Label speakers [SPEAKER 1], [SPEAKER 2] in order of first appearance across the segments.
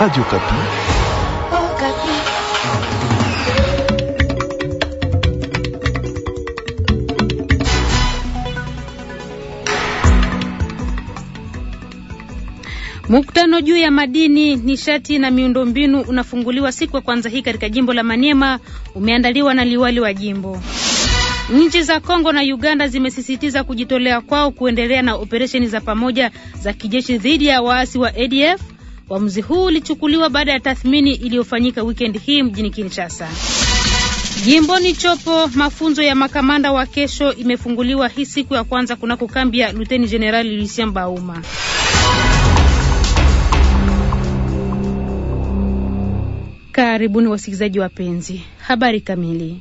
[SPEAKER 1] Radio Kapi.
[SPEAKER 2] Oh, Kapi.
[SPEAKER 3] Mkutano juu ya madini, nishati na miundombinu unafunguliwa siku ya kwanza hii katika jimbo la Maniema, umeandaliwa na liwali wa jimbo. Nchi za Kongo na Uganda zimesisitiza kujitolea kwao kuendelea na operesheni za pamoja za kijeshi dhidi ya waasi wa ADF Uamuzi huu ulichukuliwa baada ya tathmini iliyofanyika wikendi hii mjini Kinshasa. Jimboni Chopo, mafunzo ya makamanda wa kesho imefunguliwa hii siku ya kwanza kunako kambi ya Luteni Jenerali Lucien Bauma. Karibuni wasikilizaji wapenzi, habari kamili.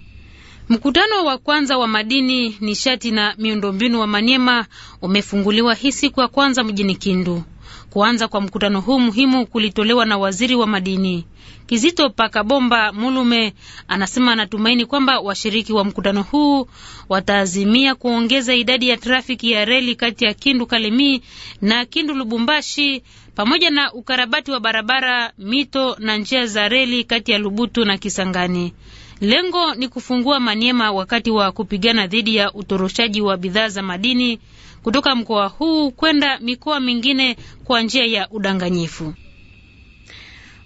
[SPEAKER 3] Mkutano wa kwanza wa madini, nishati na miundombinu wa Manyema umefunguliwa hii siku ya kwanza mjini Kindu. Kuanza kwa mkutano huu muhimu kulitolewa na waziri wa madini Kizito Pakabomba Mulume anasema anatumaini kwamba washiriki wa mkutano huu wataazimia kuongeza idadi ya trafiki ya reli kati ya Kindu kalemi na Kindu Lubumbashi pamoja na ukarabati wa barabara, mito na njia za reli kati ya Lubutu na Kisangani. Lengo ni kufungua Maniema wakati wa kupigana dhidi ya utoroshaji wa bidhaa za madini kutoka mkoa huu kwenda mikoa mingine kwa njia ya udanganyifu.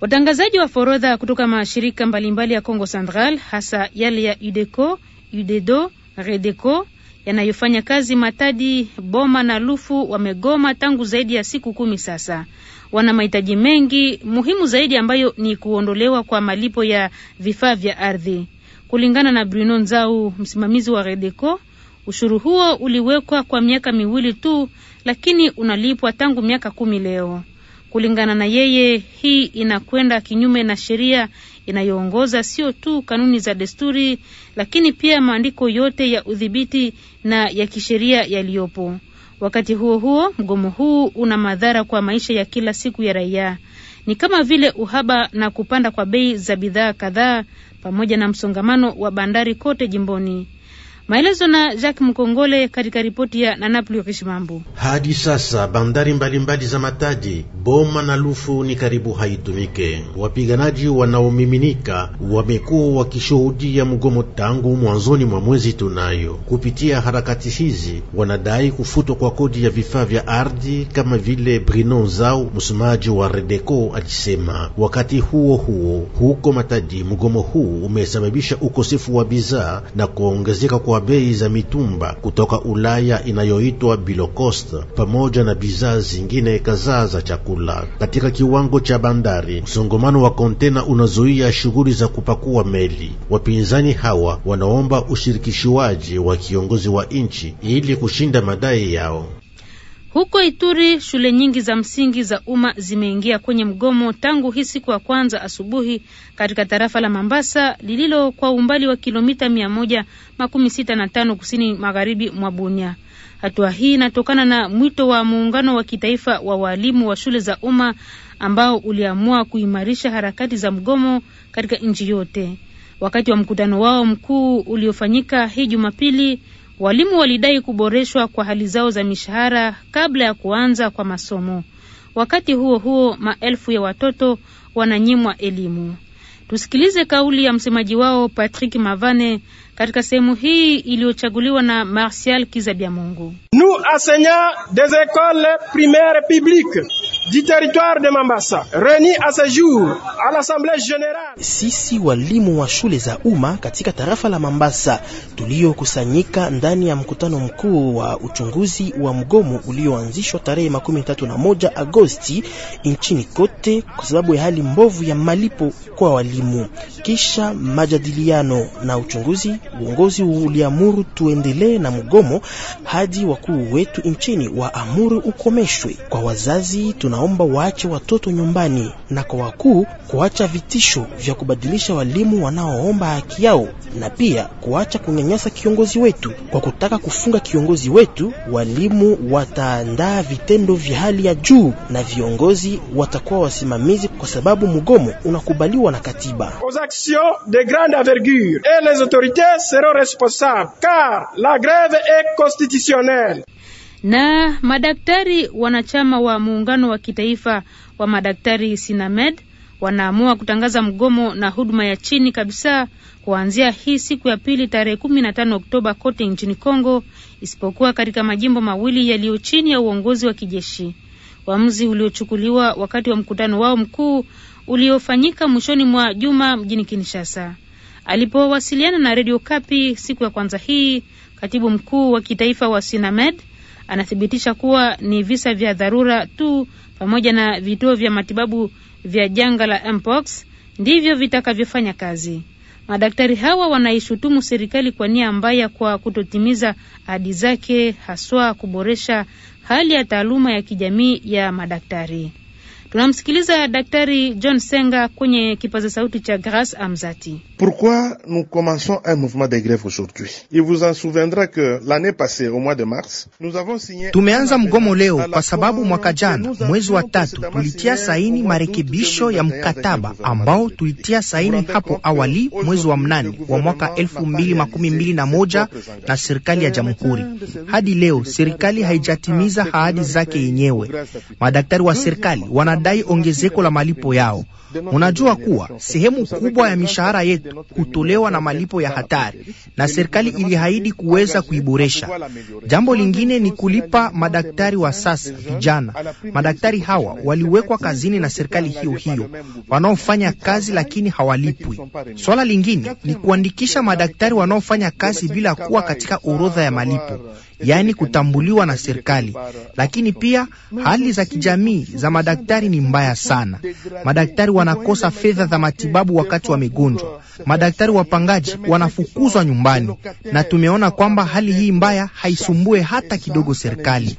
[SPEAKER 3] Watangazaji wa forodha kutoka mashirika mbalimbali ya Congo Central, hasa yale ya UDECO, UDEDO, REDECO yanayofanya kazi Matadi, Boma na Lufu wamegoma tangu zaidi ya siku kumi sasa. Wana mahitaji mengi muhimu zaidi ambayo ni kuondolewa kwa malipo ya vifaa vya ardhi, kulingana na Bruno Nzau, msimamizi wa REDECO. Ushuru huo uliwekwa kwa miaka miwili tu, lakini unalipwa tangu miaka kumi leo. Kulingana na yeye, hii inakwenda kinyume na sheria inayoongoza sio tu kanuni za desturi, lakini pia maandiko yote ya udhibiti na ya kisheria yaliyopo. Wakati huo huo, mgomo huu una madhara kwa maisha ya kila siku ya raia, ni kama vile uhaba na kupanda kwa bei za bidhaa kadhaa pamoja na msongamano wa bandari kote jimboni. Maelezo na Jacques Mkongole katika ripoti ya Nanaplu Rishimambu.
[SPEAKER 4] Hadi sasa bandari mbalimbali mbali za Matadi Boma na Lufu ni karibu haitumike. Wapiganaji wanaomiminika wamekuwa wakishuhudia mgomo tangu mwanzoni mwa mwezi tunayo. Kupitia harakati hizi, wanadai kufutwa kwa kodi ya vifaa vya ardhi, kama vile Brino Zau, msemaji wa Redeko, alisema. Wakati huo huo, huko Matadi, mgomo huu umesababisha ukosefu wa bidhaa na kuongezeka kwa bei za mitumba kutoka Ulaya inayoitwa Bilocost pamoja na bidhaa zingine kadhaa za chakula chakula katika kiwango cha bandari. Msongamano wa kontena unazuia shughuli za kupakua meli. Wapinzani hawa wanaomba ushirikishwaji wa kiongozi wa nchi ili kushinda madai yao.
[SPEAKER 3] Huko Ituri, shule nyingi za msingi za umma zimeingia kwenye mgomo tangu hii siku ya kwanza asubuhi katika tarafa la Mambasa lililo kwa umbali wa kilomita mia moja makumi sita na tano kusini magharibi mwa Bunia. Hatua hii inatokana na mwito wa muungano wa kitaifa wa waalimu wa shule za umma ambao uliamua kuimarisha harakati za mgomo katika nchi yote. Wakati wa mkutano wao mkuu uliofanyika hii Jumapili, walimu walidai kuboreshwa kwa hali zao za mishahara kabla ya kuanza kwa masomo. Wakati huo huo, maelfu ya watoto wananyimwa elimu. Tusikilize kauli ya msemaji wao Patrick Mavane katika sehemu hii iliyochaguliwa na Martial Kizabia Mungu.
[SPEAKER 5] Nous enseignants des écoles primaires publiques du territoire de Mambasa réunis à ce jour à l'assemblée générale.
[SPEAKER 1] Sisi walimu wa shule za umma katika tarafa la Mambasa tuliokusanyika ndani ya mkutano mkuu wa uchunguzi wa mgomo ulioanzishwa tarehe makumi na moja Agosti nchini kote kwa sababu ya hali mbovu ya malipo kwa walimu, kisha majadiliano na uchunguzi Uongozi uliamuru tuendelee na mgomo hadi wakuu wetu nchini waamuru ukomeshwe. Kwa wazazi, tunaomba waache watoto nyumbani, na kwa wakuu kuacha vitisho vya kubadilisha walimu wanaoomba haki yao, na pia kuacha kunyanyasa kiongozi wetu. Kwa kutaka kufunga kiongozi wetu, walimu wataandaa vitendo vya hali ya juu na viongozi watakuwa wasimamizi, kwa sababu mgomo unakubaliwa na katiba
[SPEAKER 5] seront responsables car la grève est constitutionnelle.
[SPEAKER 3] Na madaktari wanachama wa muungano wa kitaifa wa madaktari Sinamed wanaamua kutangaza mgomo na huduma ya chini kabisa kuanzia hii siku ya pili tarehe 15 Oktoba kote nchini Kongo isipokuwa katika majimbo mawili yaliyo chini ya uongozi wa kijeshi. Uamuzi uliochukuliwa wakati wa mkutano wao mkuu uliofanyika mwishoni mwa juma mjini Kinshasa. Alipowasiliana na redio Kapi siku ya kwanza hii, katibu mkuu wa kitaifa wa Sinamed anathibitisha kuwa ni visa vya dharura tu pamoja na vituo vya matibabu vya janga la mpox ndivyo vitakavyofanya kazi. Madaktari hawa wanaishutumu serikali kwa nia mbaya kwa kutotimiza ahadi zake, haswa kuboresha hali ya taaluma ya kijamii ya madaktari. Tunamsikiliza Daktari John Senga kwenye kipaza sauti cha Grace Amzati.
[SPEAKER 6] Pourquoi nous commençons un mouvement de grève aujourd'hui? Il vous en souviendra que l'année passée au mois de mars, nous
[SPEAKER 1] avons signé Tumeanza mgomo leo kwa sababu mwaka jana mwezi wa tatu tulitia saini marekebisho ya mkataba ambao tulitia saini hapo awali mwezi wa mnane wa mwaka elfu na serikali ya jamhuri. Hadi leo serikali haijatimiza ahadi zake yenyewe. Madaktari wa serikali wana wanadai ongezeko la malipo yao. Unajua kuwa sehemu kubwa ya mishahara yetu hutolewa na malipo ya hatari, na serikali iliahidi kuweza kuiboresha. Jambo lingine ni kulipa madaktari wa sasa vijana. Madaktari hawa waliwekwa kazini na serikali hiyo hiyo, wanaofanya kazi lakini hawalipwi. Swala lingine ni kuandikisha madaktari wanaofanya kazi bila kuwa katika orodha ya malipo yaani kutambuliwa na serikali, lakini pia hali za kijamii za madaktari ni mbaya sana. Madaktari wanakosa fedha za matibabu wakati wamegonjwa, madaktari wapangaji wanafukuzwa nyumbani, na tumeona kwamba hali hii mbaya haisumbue hata kidogo
[SPEAKER 6] serikali.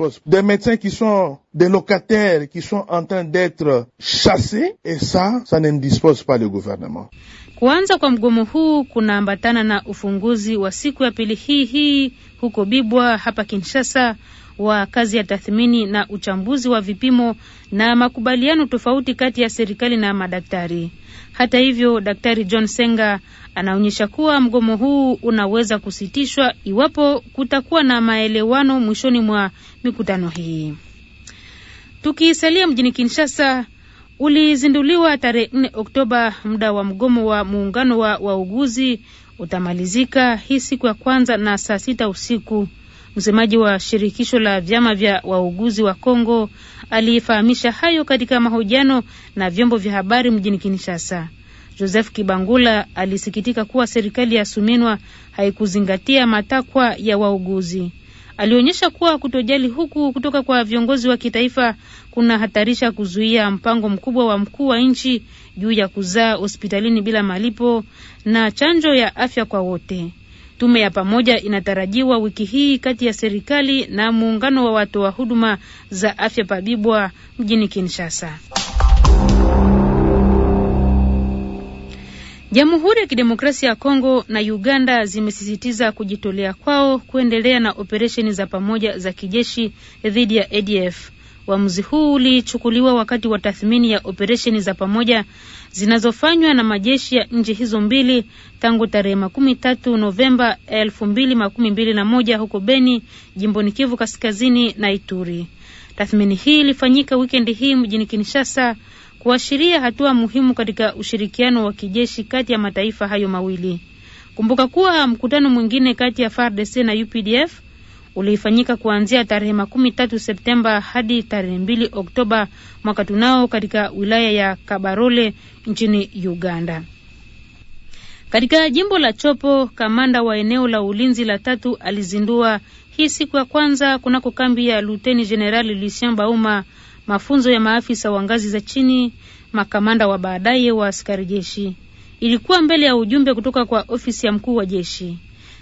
[SPEAKER 6] Des locataires qui sont en train d'être chassés et ça, ça pas le gouvernement.
[SPEAKER 3] Kuanza kwa mgomo huu kunaambatana na ufunguzi wa siku ya pili hii hii huko Bibwa hapa Kinshasa wa kazi ya tathmini na uchambuzi wa vipimo na makubaliano tofauti kati ya serikali na madaktari. Hata hivyo, Daktari John Senga anaonyesha kuwa mgomo huu unaweza kusitishwa iwapo kutakuwa na maelewano mwishoni mwa mikutano hii. Tukisalia mjini Kinshasa, ulizinduliwa tarehe 4 Oktoba. Muda wa mgomo wa muungano wa wauguzi utamalizika hii siku ya kwanza na saa sita usiku. Msemaji wa shirikisho la vyama vya wauguzi wa Kongo aliyefahamisha hayo katika mahojiano na vyombo vya habari mjini Kinshasa. Joseph Kibangula alisikitika kuwa serikali ya Suminwa haikuzingatia matakwa ya wauguzi alionyesha kuwa kutojali huku kutoka kwa viongozi wa kitaifa kunahatarisha kuzuia mpango mkubwa wa mkuu wa nchi juu ya kuzaa hospitalini bila malipo na chanjo ya afya kwa wote. Tume ya pamoja inatarajiwa wiki hii kati ya serikali na muungano wa watoa wa huduma za afya Pabibwa mjini Kinshasa. Jamhuri ya Kidemokrasia ya Kongo na Uganda zimesisitiza kujitolea kwao kuendelea na operesheni za pamoja za kijeshi dhidi ya ADF. Uamuzi huu ulichukuliwa wakati wa tathmini ya operesheni za pamoja zinazofanywa na majeshi ya nchi hizo mbili tangu tarehe makumi tatu Novemba elfu mbili makumi mbili na moja huko Beni, jimboni Kivu Kaskazini na Ituri. Tathmini hii ilifanyika wikendi hii mjini Kinshasa kuashiria hatua muhimu katika ushirikiano wa kijeshi kati ya mataifa hayo mawili. Kumbuka kuwa mkutano mwingine kati ya FARDC na UPDF ulifanyika kuanzia tarehe makumi tatu Septemba hadi tarehe mbili Oktoba mwaka tunao katika wilaya ya Kabarole nchini Uganda. Katika jimbo la Chopo, kamanda wa eneo la ulinzi la tatu alizindua hii siku ya kwanza kunako kambi ya Luteni Jenerali Lucien Bauma mafunzo ya maafisa wa ngazi za chini, makamanda wa baadaye wa askari jeshi. Ilikuwa mbele ya ujumbe kutoka kwa ofisi ya mkuu wa jeshi.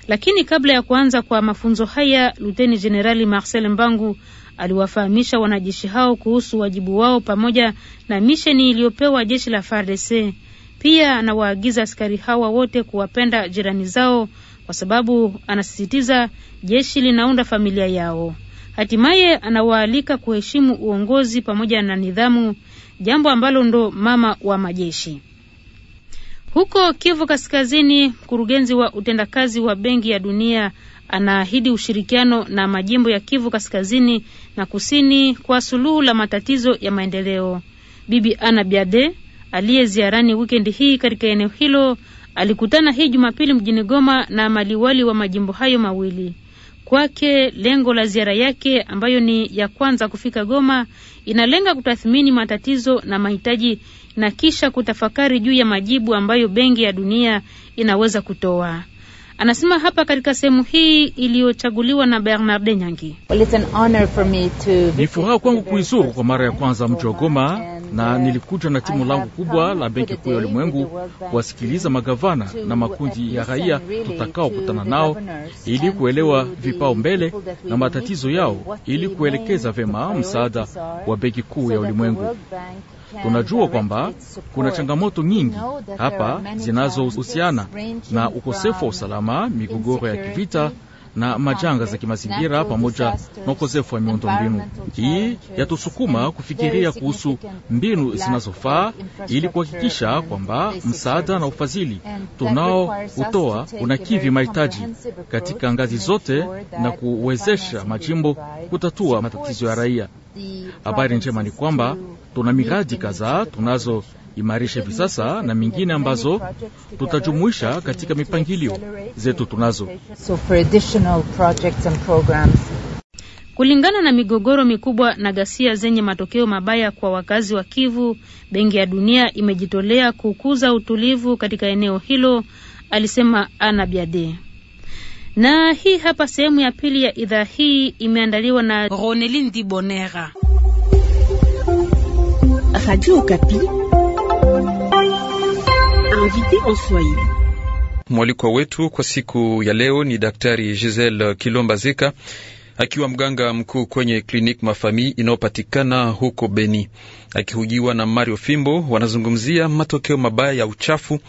[SPEAKER 3] Lakini kabla ya kuanza kwa mafunzo haya, Luteni Jenerali Marcel Mbangu aliwafahamisha wanajeshi hao kuhusu wajibu wao pamoja na misheni iliyopewa jeshi la FARDC. Pia anawaagiza askari hawa wote kuwapenda jirani zao, kwa sababu anasisitiza jeshi linaunda familia yao. Hatimaye anawaalika kuheshimu uongozi pamoja na nidhamu, jambo ambalo ndo mama wa majeshi. Huko Kivu Kaskazini, mkurugenzi wa utendakazi wa Benki ya Dunia anaahidi ushirikiano na majimbo ya Kivu Kaskazini na Kusini kwa suluhu la matatizo ya maendeleo. Bibi Ana Biade aliye ziarani wikendi hii katika eneo hilo alikutana hii Jumapili mjini Goma na maliwali wa majimbo hayo mawili. Kwake lengo la ziara yake ambayo ni ya kwanza kufika Goma inalenga kutathmini matatizo na mahitaji na kisha kutafakari juu ya majibu ambayo Benki ya Dunia inaweza kutoa. Anasema hapa katika sehemu hii iliyochaguliwa na Bernard Nyangi.
[SPEAKER 5] Well, ni furaha kwangu kuizuru kwa mara ya kwanza mji wa Goma na nilikutwa na timu langu kubwa la Benki Kuu ya Ulimwengu kuwasikiliza magavana na makundi ya raia tutakaokutana nao ili kuelewa vipao mbele na matatizo yao ili kuelekeza vyema msaada wa Benki Kuu ya Ulimwengu. Tunajua kwamba kuna changamoto nyingi hapa zinazohusiana na ukosefu wa usalama, migogoro ya kivita na majanga za kimazingira pamoja na ukosefu wa miundo mbinu Hii yatusukuma kufikiria kuhusu mbinu zinazofaa ili kuhakikisha kwamba msaada na ufadhili tunao utoa unakidhi mahitaji katika ngazi zote na kuwezesha majimbo kutatua matatizo ya raia. Habari njema ni kwamba tuna miradi kadhaa tunazo imarisha hivi sasa na mingine ambazo tutajumuisha katika mipangilio zetu tunazo.
[SPEAKER 3] Kulingana na migogoro mikubwa na ghasia zenye matokeo mabaya kwa wakazi wa Kivu, Benki ya Dunia imejitolea kukuza utulivu katika eneo hilo, alisema Ana Biade. Na hii hapa sehemu ya pili ya idhaa hii imeandaliwa na Ronelin Dibonera.
[SPEAKER 6] Radio
[SPEAKER 2] invité en Swahili.
[SPEAKER 6] Mwalikwa wetu kwa siku ya leo ni Daktari Giselle Kilomba Zeka akiwa mganga mkuu kwenye klinik mafami inayopatikana huko Beni. Akihujiwa na Mario Fimbo, wanazungumzia matokeo mabaya ya uchafu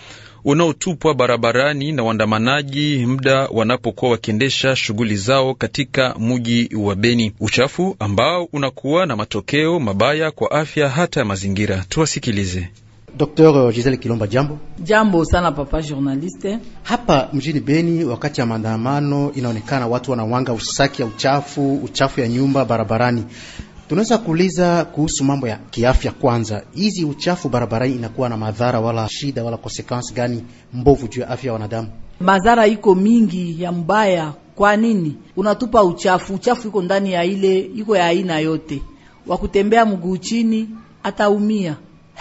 [SPEAKER 6] unaotupwa barabarani na waandamanaji muda wanapokuwa wakiendesha shughuli zao katika mji wa Beni, uchafu ambao unakuwa na matokeo mabaya kwa afya hata ya mazingira. Tuwasikilize. Dr. Euh, Giselle Kilomba, jambo.
[SPEAKER 7] Jambo sana papa journaliste. Hapa
[SPEAKER 4] mjini Beni, wakati ya maandamano, inaonekana watu wanawanga usaki ya uchafu, uchafu ya nyumba barabarani. Tunaweza kuuliza kuhusu mambo ya kiafya kwanza. Hizi uchafu barabarani inakuwa na madhara wala shida wala consequence gani mbovu juu ya afya ya wanadamu?
[SPEAKER 7] Madhara iko mingi ya mbaya. Kwa nini unatupa uchafu? Uchafu iko ndani ya ile, iko ya aina yote, wakutembea mguu chini ataumia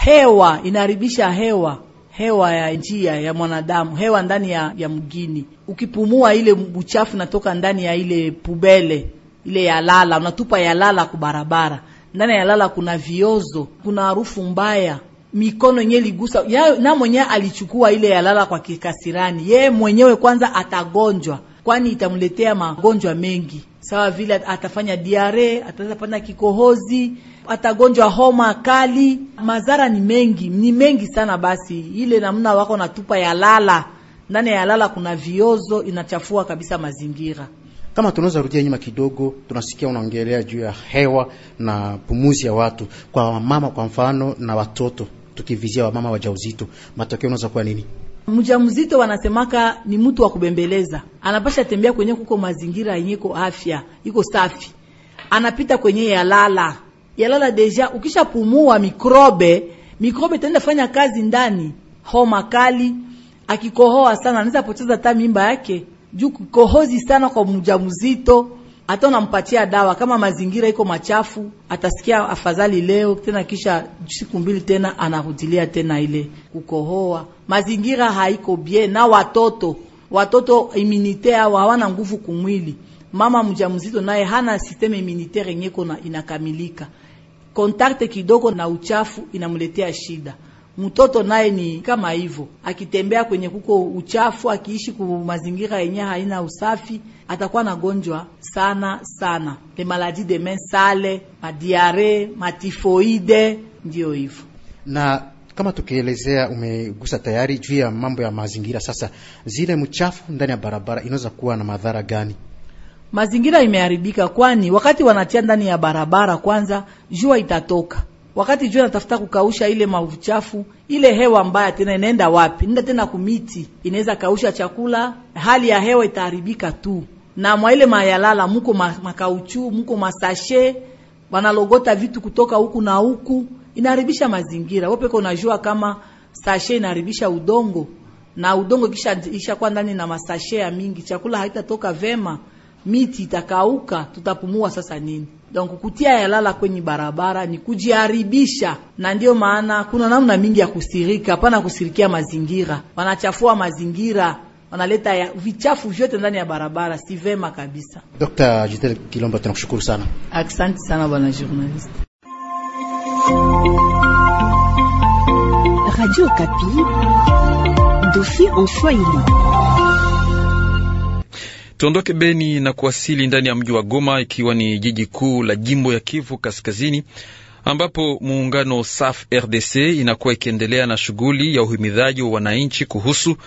[SPEAKER 7] hewa inaharibisha hewa hewa ya njia ya mwanadamu, hewa ndani ya, ya mgini. Ukipumua ile uchafu natoka ndani ya ile pubele ile ya lala, unatupa ya lala kubarabara. Ndani ya lala kuna viozo, kuna harufu mbaya, mikono yenyewe ligusa ya, na mwenyewe alichukua ile ya lala kwa kikasirani. Ye mwenyewe kwanza atagonjwa, kwani itamletea magonjwa mengi, sawa vile atafanya diare, atafanya kikohozi atagonjwa homa kali. Madhara ni mengi, ni mengi sana. Basi ile namna wako natupa ya lala ndani ya lala, kuna viozo inachafua kabisa mazingira.
[SPEAKER 4] Kama tunaweza rudia nyuma kidogo, tunasikia unaongelea juu ya hewa na pumuzi ya watu, kwa mama kwa mfano na watoto, tukivizia wamama wajauzito, matokeo unaweza kuwa nini?
[SPEAKER 7] Mjamzito wanasemaka ni mtu wa kubembeleza, anapasha tembea kwenye kuko mazingira yenye iko afya iko safi, anapita kwenye yalala yalala deja. Ukishapumua mikrobe, mikrobe itaenda fanya kazi ndani, homa kali, akikohoa sana anaweza poteza hata mimba yake, juu kikohozi sana kwa mjamzito hata unampatia dawa kama mazingira iko machafu, atasikia afadhali leo tena, kisha siku mbili tena anarudilia tena ile kukohoa. Mazingira haiko bien, na watoto watoto immunite hao hawana nguvu kumwili. Mama mjamzito naye hana systeme immunitaire yenye iko inakamilika kontakte kidogo na uchafu inamletea shida. Mtoto naye ni kama hivyo, akitembea kwenye kuko uchafu, akiishi ku mazingira yenye haina usafi, atakuwa na gonjwa sana sana, le maladi de main sale, madiare, matifoide, ndio hivyo.
[SPEAKER 4] Na kama tukielezea, umegusa tayari juu ya mambo ya mazingira. Sasa zile mchafu
[SPEAKER 7] ndani ya barabara inaweza kuwa na madhara gani? mazingira imeharibika, kwani wakati wanatia ndani ya barabara, kwanza jua itatoka wakati jua natafuta kukausha ile mauchafu, ile hewa mbaya tena inaenda wapi? Nenda tena kumiti, inaweza kausha chakula, hali ya hewa itaharibika tu. Na mwa ile mayalala muko makauchu, muko masashe, wanalogota vitu kutoka huku na huku, inaharibisha mazingira. Wewe peke unajua kama sashe inaharibisha udongo, na udongo kisha ishakuwa ndani na masashe ya mingi, chakula haitatoka vema miti itakauka, tutapumua sasa nini? Donc kutia yalala kwenye barabara ni kujiharibisha, na ndio maana kuna namna mingi ya kusirika. Hapana kusirikia mazingira, wanachafua mazingira wanaleta ya vichafu vyote ndani ya barabara, si vema kabisa.
[SPEAKER 4] Dr. Jitel Kilomba, tunakushukuru sana.
[SPEAKER 7] Asante sana bwana journalist. Radio Kapi, dofi en Swahili.
[SPEAKER 6] Tuondoke Beni na kuwasili ndani ya mji wa Goma, ikiwa ni jiji kuu la jimbo ya Kivu Kaskazini, ambapo muungano SAF RDC inakuwa ikiendelea na shughuli ya uhimidhaji wa wananchi kuhusu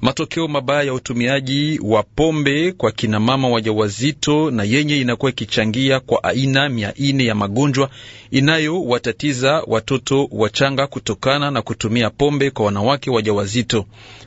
[SPEAKER 6] Matokeo mabaya ya utumiaji wa pombe kwa kinamama wajawazito na yenye inakuwa ikichangia kwa aina mia nne ya magonjwa inayowatatiza watoto wachanga kutokana na kutumia pombe kwa wanawake wajawazito.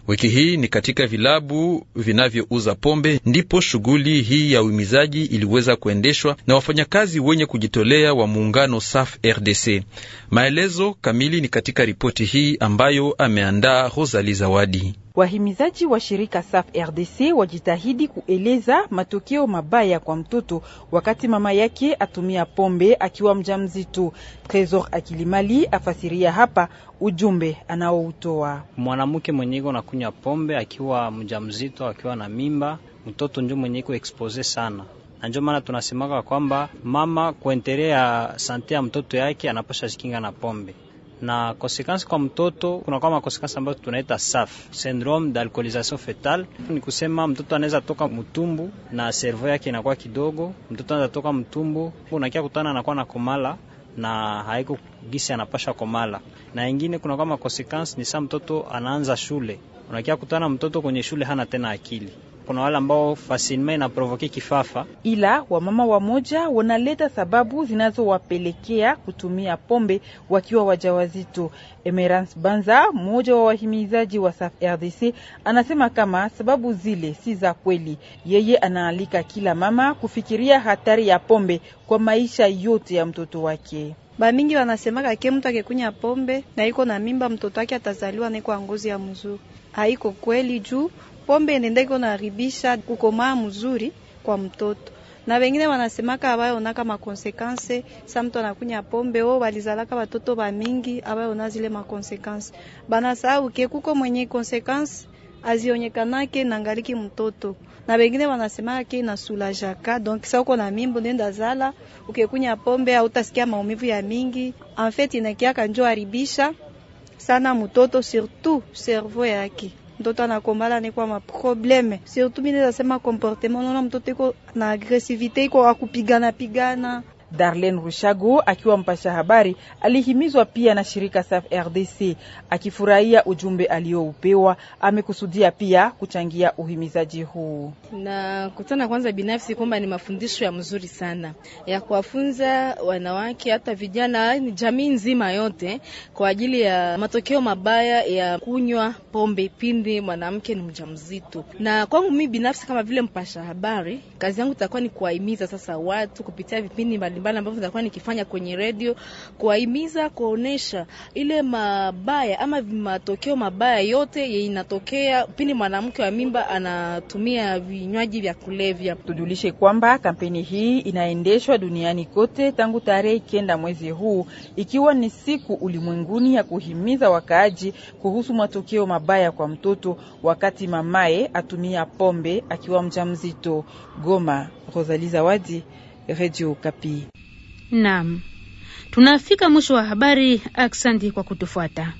[SPEAKER 6] Wiki hii ni katika vilabu vinavyouza pombe ndipo shughuli hii ya uhimizaji iliweza kuendeshwa na wafanyakazi wenye kujitolea wa muungano SAF RDC. Maelezo kamili ni katika ripoti hii ambayo ameandaa Rosali Zawadi.
[SPEAKER 2] Wahimizaji wa shirika SAF RDC wajitahidi kueleza matokeo mabaya kwa mtoto wakati mama yake atumia pombe akiwa mjamzito. Tresor Akilimali afasiria hapa ujumbe anaoutoa.
[SPEAKER 4] Mwanamke mwenye iko nakunywa pombe akiwa mjamzito, akiwa na mimba, mtoto njo mwenye iko expose sana na ndio maana tunasemaka kwamba mama kuenterea sante ya mtoto yake anapasha shikinga na pombe na konsekansi kwa mtoto kunakuwa makonsekansi ambayo tunaita SAF, syndrome d'alcoolisation fetal. Ni kusema mtoto anaweza toka mtumbu na servo yake inakuwa kidogo, mtoto anaweza toka mtumbu unakia kutana anakuwa na komala na haiko gisi anapasha komala. Na ingine kunakuwa makonsekansi ni saa mtoto anaanza shule, unakia kutana mtoto kwenye shule hana tena akili kuna wale ambao na provoke kifafa,
[SPEAKER 2] ila wamama wamoja wanaleta sababu zinazowapelekea kutumia pombe wakiwa wajawazito. Emerance Banza, mmoja wa wahimizaji wa RDC, anasema kama sababu zile si za kweli. Yeye anaalika kila mama kufikiria hatari ya pombe kwa maisha yote ya mtoto wake. mingi wanasemaka ke mtu akekunya pombe na iko na mimba, mtoto wake atazaliwa naiko ngozi ya mzuri. Haiko kweli juu pombe nenda iko naharibisha kukomaa mzuri kwa mtoto na wengine wanasemaka abayonaka makonsekanse sa mtu anakunya pombe o balizalaka batoto ba mingi abayona zile makonsekanse banasahau ke kuko mwenye konsekanse azionyekanake nangaliki mtoto na wengine wanasemaka ke nasulajaka donc sa uko na mimbo nenda zala ukekunya pombe autasikia maumivu ya mingi en fait inakiaka njo aribisha sana mtoto surtout cerveau yake mtoto anakombana ni kwa maprobleme surtout, mimi nasema comportement, naona mtoto iko na agresivite, iko akupigana pigana Darlene Rushago akiwa mpasha habari alihimizwa pia na shirika SAF RDC. Akifurahia ujumbe aliyoupewa, amekusudia pia kuchangia uhimizaji huu na kutana kwanza binafsi kwamba ni mafundisho ya mzuri sana ya kuwafunza wanawake hata vijana, ni yaani jamii nzima yote kwa ajili ya matokeo mabaya ya kunywa pombe pindi mwanamke ni mjamzito. Na kwangu mimi binafsi kama vile mpasha habari, kazi yangu itakuwa ni kuwahimiza sasa watu kupitia vipindi mbalimbali mbalimbali ambavyo nitakuwa nikifanya kwenye redio, kuwahimiza kuonesha ile mabaya ama matokeo mabaya yote inatokea pindi mwanamke wa mimba anatumia vinywaji vya kulevya. Tujulishe kwamba kampeni hii inaendeshwa duniani kote tangu tarehe kenda mwezi huu, ikiwa ni siku ulimwenguni ya kuhimiza wakaaji kuhusu matokeo mabaya kwa mtoto wakati mamaye atumia pombe akiwa mjamzito. Goma, Rosalie Zawadi, Radio Kapi.
[SPEAKER 3] Naam, tunafika mwisho wa habari. Aksanti kwa kutufuata.